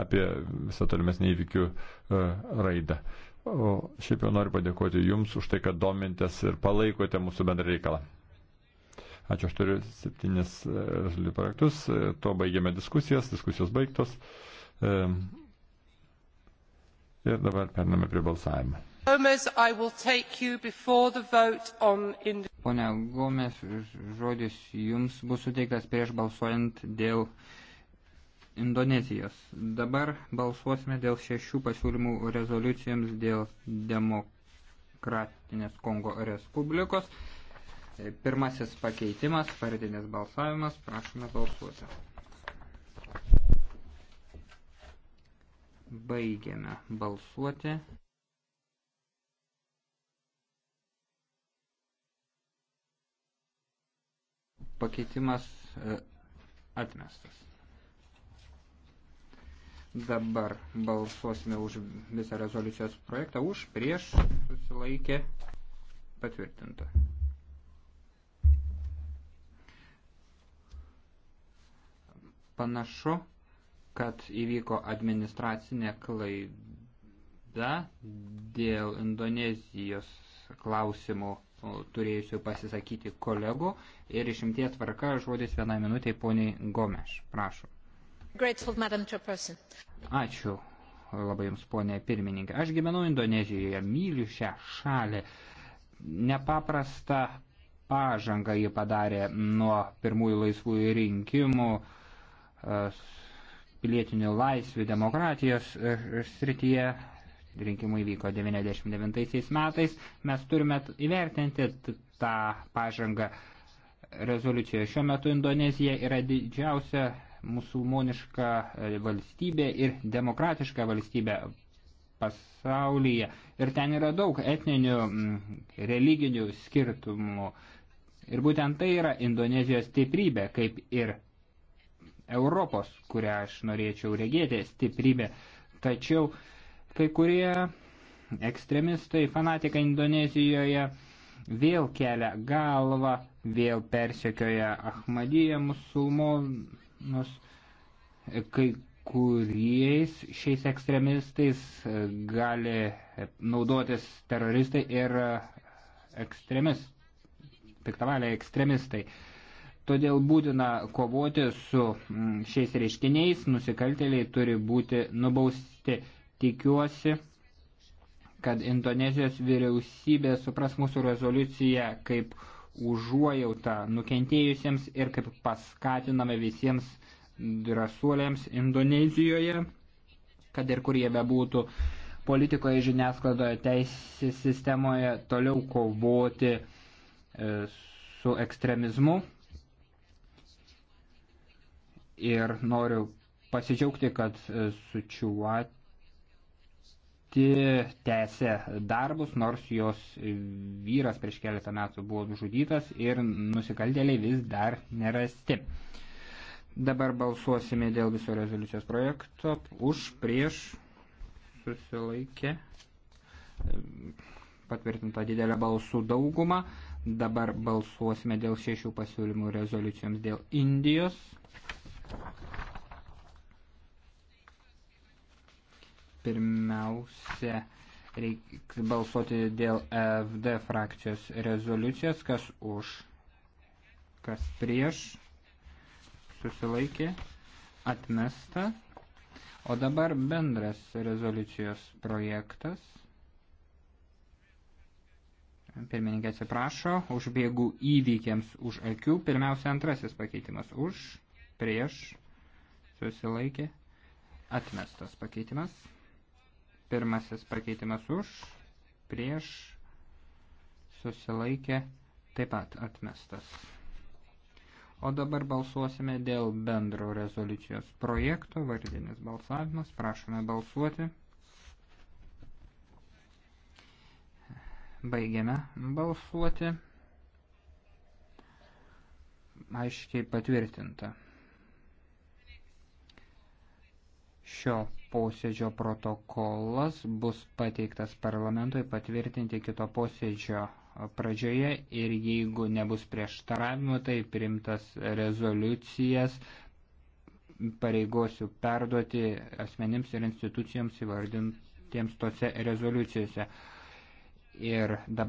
apie visą tolimesnį įvykių e, raidą. O šiaip jau noriu padėkoti Jums už tai, kad domintės ir palaikote mūsų bendrą reikalą. Ačiū, aš turiu septynis e, rezoliucijų projektus. E, to baigėme diskusijas, diskusijos baigtos. Ir dabar pername prie balsavimo. Pone Gomes, žodis jums bus suteiktas prieš balsuojant dėl Indonezijos. Dabar balsuosime dėl šešių pasiūlymų rezoliucijoms dėl demokratinės Kongo Respublikos. Pirmasis pakeitimas, paridinės balsavimas, prašome balsuoti. Baigiame balsuoti. Pakeitimas e, atmestas. Dabar balsuosime už visą rezoliucijos projektą. Už, prieš, susilaikė, patvirtinta. Panašu, kad įvyko administracinė klaida dėl Indonezijos klausimų turėjusių pasisakyti kolegų ir išimties tvarka žodis vienai minutiai poniai Gomeš. Prašom. Grateful, Ačiū labai Jums, ponė pirmininkė. Aš gyvenau Indonezijoje, myliu šią šalį. Nepaprasta pažanga jį padarė nuo pirmųjų laisvųjų rinkimų, pilietinių laisvių, demokratijos e, srityje. Rinkimai vyko 99 metais. Mes turime įvertinti tą pažangą rezoliucijoje. Šiuo metu Indonezija yra didžiausia musulmonišką valstybę ir demokratišką valstybę pasaulyje. Ir ten yra daug etninių, mm, religinių skirtumų. Ir būtent tai yra Indonezijos stiprybė, kaip ir Europos, kurią aš norėčiau regėti, stiprybė. Tačiau kai kurie ekstremistai, fanatikai Indonezijoje vėl kelia galvą, vėl persekioja Ahmadiją musulmonų nors kai kuriais šiais ekstremistais gali naudotis teroristai ir ekstremis, piktavaliai ekstremistai. Todėl būtina kovoti su mm, šiais reiškiniais, nusikaltėliai turi būti nubausti. Tikiuosi, kad Indonezijos vyriausybė supras mūsų rezoliuciją kaip užuojautą nukentėjusiems ir kaip paskatiname visiems drąsuoliams Indonezijoje, kad ir kur jie bebūtų politikoje, žiniasklaidoje, teisės sistemoje, toliau kovoti e, su ekstremizmu. Ir noriu pasidžiaugti, kad e, su Čiuat pati tęsė darbus, nors jos vyras prieš keletą metų buvo nužudytas ir nusikaltėliai vis dar nerasti. Dabar balsuosime dėl viso rezoliucijos projekto. Už, prieš, susilaikė, patvirtinta didelė balsų dauguma. Dabar balsuosime dėl šešių pasiūlymų rezoliucijoms dėl Indijos. Pirmiausia, reikia balsuoti dėl FD frakcijos rezoliucijos, kas už, kas prieš, susilaikė, atmesta. O dabar bendras rezoliucijos projektas. Pirmininkė atsiprašo, užbėgų įvykiams už akių. Pirmiausia, antrasis pakeitimas už, prieš, susilaikė, atmestas pakeitimas. Pirmasis pakeitimas už, prieš, susilaikė, taip pat atmestas. O dabar balsuosime dėl bendro rezoliucijos projekto, vardinis balsavimas, prašome balsuoti. Baigiame balsuoti. Aiškiai patvirtinta. Šio posėdžio protokolas bus pateiktas parlamentui patvirtinti kito posėdžio pradžioje ir jeigu nebus prieštaravimų, tai primtas rezoliucijas pareigosiu perduoti asmenims ir institucijoms įvardintiems tose rezoliucijose. Ir dabar